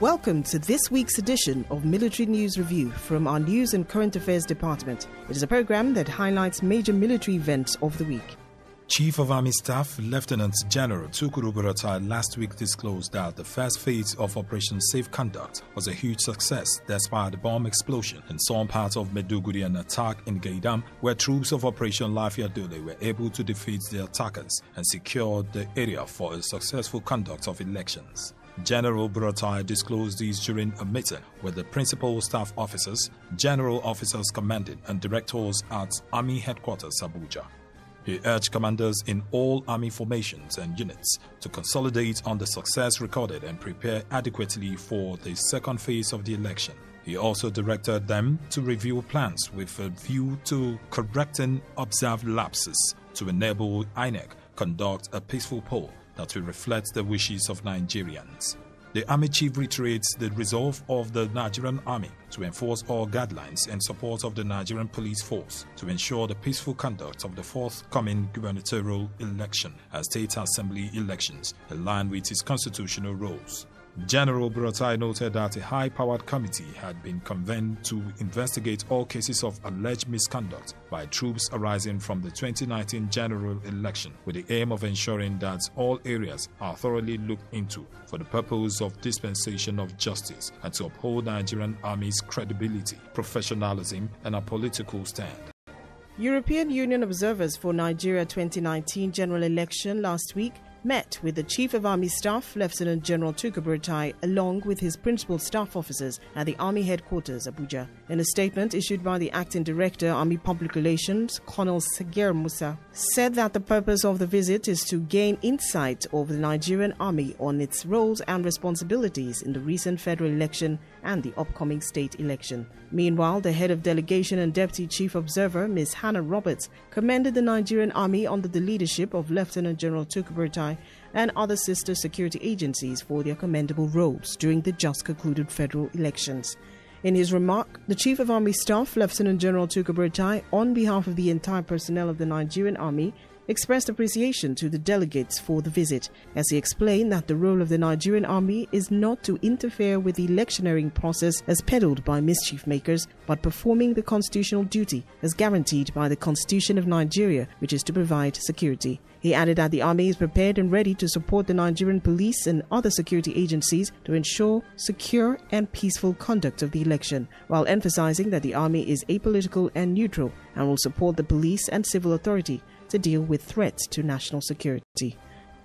Welcome to this week's edition of Military News Review from our News and Current Affairs Department. It is a program that highlights major military events of the week. Chief of Army Staff Lieutenant General Tukuru Buratai last week disclosed that the first phase of Operation Safe Conduct was a huge success despite a bomb explosion in some parts of Meduguri and attack in Gaidam, where troops of Operation Lafia Dule were able to defeat the attackers and secure the area for a successful conduct of elections. General Buratai disclosed these during a meeting with the principal staff officers, general officers commanding, and directors at Army Headquarters Abuja. He urged commanders in all army formations and units to consolidate on the success recorded and prepare adequately for the second phase of the election. He also directed them to review plans with a view to correcting observed lapses to enable INEC conduct a peaceful poll that will reflect the wishes of Nigerians. The army chief reiterates the resolve of the Nigerian army to enforce all guidelines in support of the Nigerian police force to ensure the peaceful conduct of the forthcoming gubernatorial election and state assembly elections in line with its constitutional roles. General Buratai noted that a high-powered committee had been convened to investigate all cases of alleged misconduct by troops arising from the 2019 general election with the aim of ensuring that all areas are thoroughly looked into for the purpose of dispensation of justice and to uphold Nigerian Army's credibility, professionalism and a political stand. European Union observers for Nigeria 2019 general election last week met with the Chief of Army Staff, Lieutenant General Tuka along with his principal staff officers at the Army Headquarters, Abuja. In a statement issued by the Acting Director, Army Public Relations, Colonel Seger Musa, said that the purpose of the visit is to gain insight over the Nigerian Army on its roles and responsibilities in the recent federal election and the upcoming state election. Meanwhile, the head of delegation and deputy chief observer, Ms. Hannah Roberts, commended the Nigerian Army under the leadership of Lieutenant General Tuka FBI, and other sister security agencies for their commendable roles during the just concluded federal elections. In his remark, the Chief of Army Staff, Lieutenant General Tuka on behalf of the entire personnel of the Nigerian Army, expressed appreciation to the delegates for the visit, as he explained that the role of the Nigerian army is not to interfere with the electioneering process as peddled by mischief makers, but performing the constitutional duty as guaranteed by the Constitution of Nigeria, which is to provide security. He added that the army is prepared and ready to support the Nigerian police and other security agencies to ensure secure and peaceful conduct of the election, while emphasizing that the army is apolitical and neutral and will support the police and civil authority to deal with threats to national security.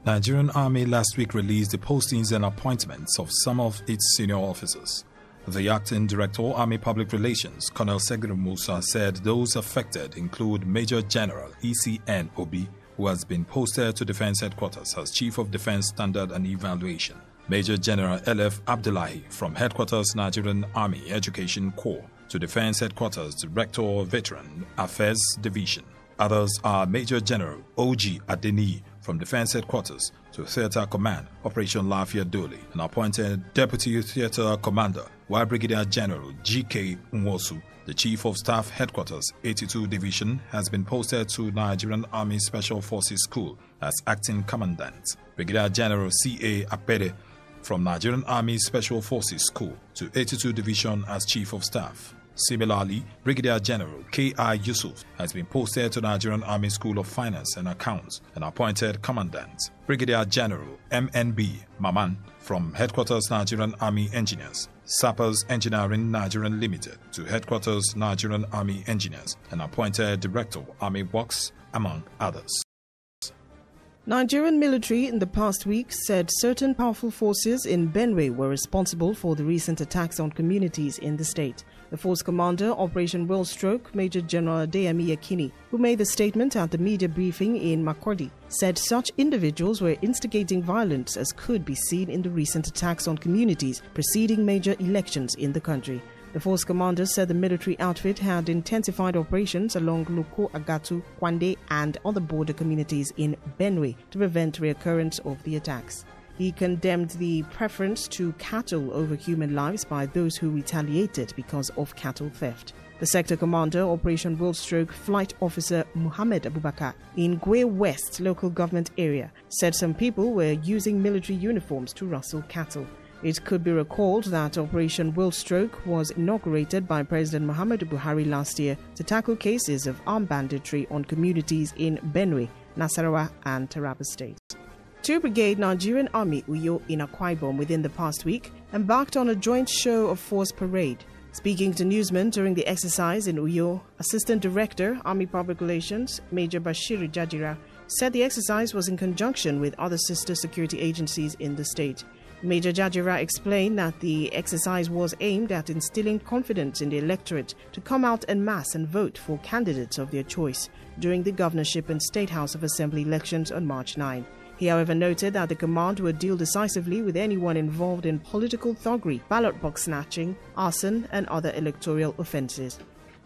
Nigerian Army last week released the postings and appointments of some of its senior officers. The acting director of Army Public Relations, Colonel Segir Musa, said those affected include Major General ECN Obi, who has been posted to Defense Headquarters as Chief of Defense Standard and Evaluation, Major General LF Abdullahi from Headquarters Nigerian Army Education Corps to Defense Headquarters Director Veteran Affairs Division, Others are Major General O.G. Adeniyi from Defense Headquarters to Theater Command, Operation Lafayette Dole, and appointed Deputy Theater Commander, while Brigadier General G.K. Nwosu, the Chief of Staff Headquarters, 82 Division, has been posted to Nigerian Army Special Forces School as Acting Commandant. Brigadier General C.A. Apede from Nigerian Army Special Forces School to 82 Division as Chief of Staff. Similarly, Brigadier General K.I. Yusuf has been posted to the Nigerian Army School of Finance and Accounts and appointed Commandant Brigadier General MNB Maman from Headquarters Nigerian Army Engineers, Sappers Engineering Nigerian Limited to Headquarters Nigerian Army Engineers and appointed Director Army Works, among others. Nigerian military in the past week said certain powerful forces in Benue were responsible for the recent attacks on communities in the state the force commander, Operation Willstroke, Major General Adeyemi Akini, who made the statement at the media briefing in Makodi, said such individuals were instigating violence as could be seen in the recent attacks on communities preceding major elections in the country. The force commander said the military outfit had intensified operations along Luko Agatu, Kwande, and other border communities in Benue to prevent reoccurrence of the attacks. He condemned the preference to cattle over human lives by those who retaliated because of cattle theft. The sector commander, Operation Wolfstroke Flight Officer Muhammad Abubakar, in Gwe West local government area, said some people were using military uniforms to rustle cattle. It could be recalled that Operation Willstroke was inaugurated by President Muhammadu Buhari last year to tackle cases of armed banditry on communities in Benue, Nasarawa, and Taraba State. Two Brigade Nigerian Army Uyo in Akwa Ibom within the past week embarked on a joint show of force parade. Speaking to newsmen during the exercise in Uyo, Assistant Director, Army Public Relations, Major Bashiru Jajira, said the exercise was in conjunction with other sister security agencies in the state. Major Jajira explained that the exercise was aimed at instilling confidence in the electorate to come out en masse and vote for candidates of their choice during the governorship and state house of assembly elections on March 9. He, however, noted that the command would deal decisively with anyone involved in political thuggery, ballot box snatching, arson, and other electoral offences.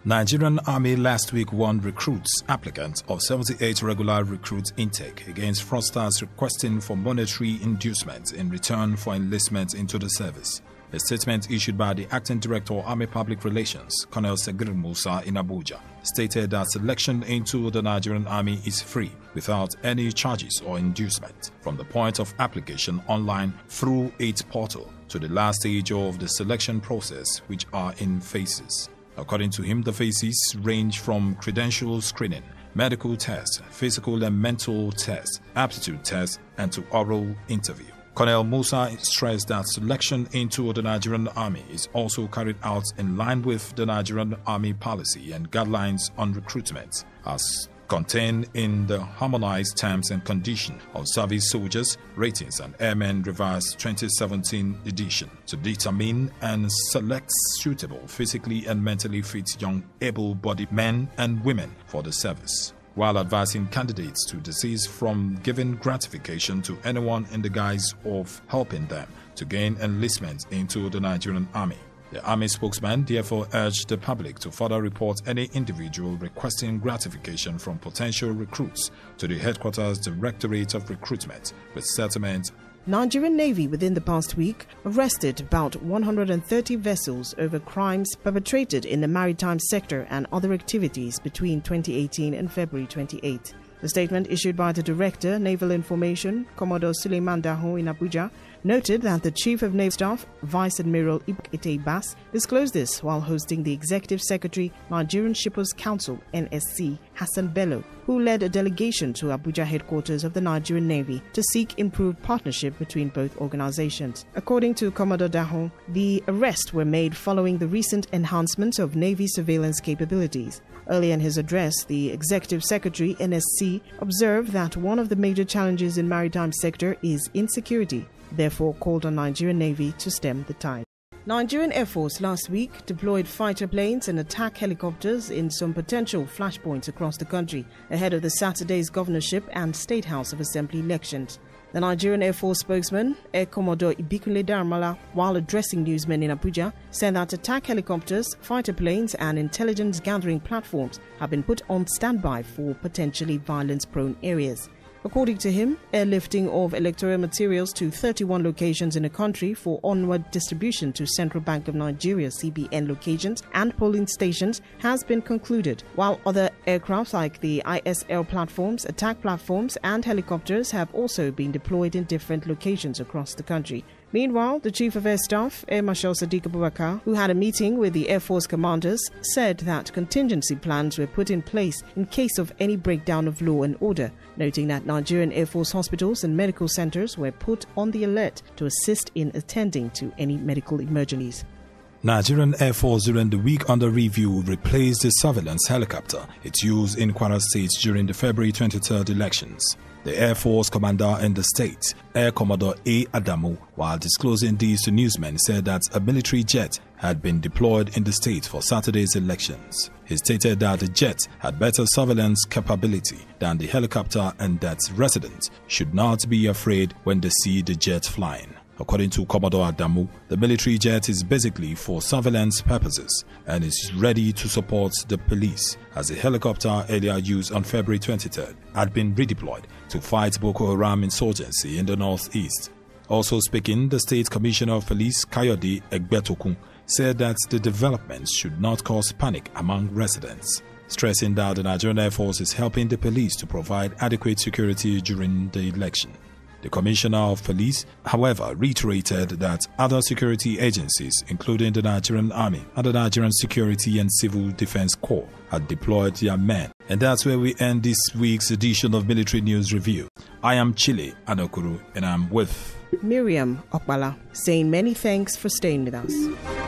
Nigerian Army last week warned recruits, applicants of 78 regular recruits intake against fraudsters requesting for monetary inducements in return for enlistment into the service. A statement issued by the Acting Director of Army Public Relations, Colonel Segir Musa in Abuja, stated that selection into the Nigerian Army is free without any charges or inducement from the point of application online through its portal to the last stage of the selection process which are in phases. According to him, the phases range from credential screening, medical tests, physical and mental tests, aptitude tests, and to oral interview. Colonel Musa stressed that selection into the Nigerian Army is also carried out in line with the Nigerian Army policy and guidelines on recruitment, as contained in the Harmonized Terms and Condition of Service Soldiers, Ratings and Airmen Revised 2017 edition to determine and select suitable physically and mentally fit young able-bodied men and women for the service while advising candidates to desist from giving gratification to anyone in the guise of helping them to gain enlistment into the Nigerian Army. The army spokesman therefore urged the public to further report any individual requesting gratification from potential recruits to the headquarters Directorate of Recruitment with settlement. Nigerian Navy within the past week arrested about 130 vessels over crimes perpetrated in the maritime sector and other activities between 2018 and February 28. The statement issued by the Director, Naval Information, Commodore Suleiman Daho in Abuja, noted that the Chief of Naval Staff, Vice Admiral Ite Bas, disclosed this while hosting the Executive Secretary, Nigerian Shippers Council, NSC, Hassan Bello, who led a delegation to Abuja headquarters of the Nigerian Navy to seek improved partnership between both organizations. According to Commodore Dahon, the arrests were made following the recent enhancement of Navy surveillance capabilities. Early in his address, the Executive Secretary, NSC, observed that one of the major challenges in maritime sector is insecurity therefore called on Nigerian Navy to stem the tide. Nigerian Air Force last week deployed fighter planes and attack helicopters in some potential flashpoints across the country ahead of the Saturday's governorship and State House of Assembly elections. The Nigerian Air Force spokesman, Air Commodore Ibikunle Darmala, while addressing newsmen in Abuja, said that attack helicopters, fighter planes, and intelligence gathering platforms have been put on standby for potentially violence prone areas. According to him, airlifting of electoral materials to 31 locations in the country for onward distribution to Central Bank of Nigeria CBN locations and polling stations has been concluded, while other aircraft like the ISL platforms, attack platforms, and helicopters have also been deployed in different locations across the country. Meanwhile, the Chief of Air Staff, Air Marshal Sadiq Abubakar, who had a meeting with the Air Force commanders, said that contingency plans were put in place in case of any breakdown of law and order, noting that Nigerian Air Force hospitals and medical centers were put on the alert to assist in attending to any medical emergencies. Nigerian Air Force during the week under review replaced the surveillance helicopter, its use in Kwara State during the February 23rd elections the Air Force commander in the state, Air Commodore A. Adamu, while disclosing these to newsmen, said that a military jet had been deployed in the state for Saturday's elections. He stated that the jet had better surveillance capability than the helicopter and that residents should not be afraid when they see the jet flying. According to Commodore Adamu, the military jet is basically for surveillance purposes and is ready to support the police as a helicopter earlier used on February 23 had been redeployed to fight Boko Haram insurgency in the northeast. Also speaking, the State Commissioner of Police Kayode Egbetokun said that the developments should not cause panic among residents, stressing that the Nigerian Air Force is helping the police to provide adequate security during the election. The Commissioner of Police, however, reiterated that other security agencies, including the Nigerian Army and the Nigerian Security and Civil Defense Corps, had deployed their men. And that's where we end this week's edition of Military News Review. I am Chile Anokuru, and I'm with Miriam Okwala, saying many thanks for staying with us.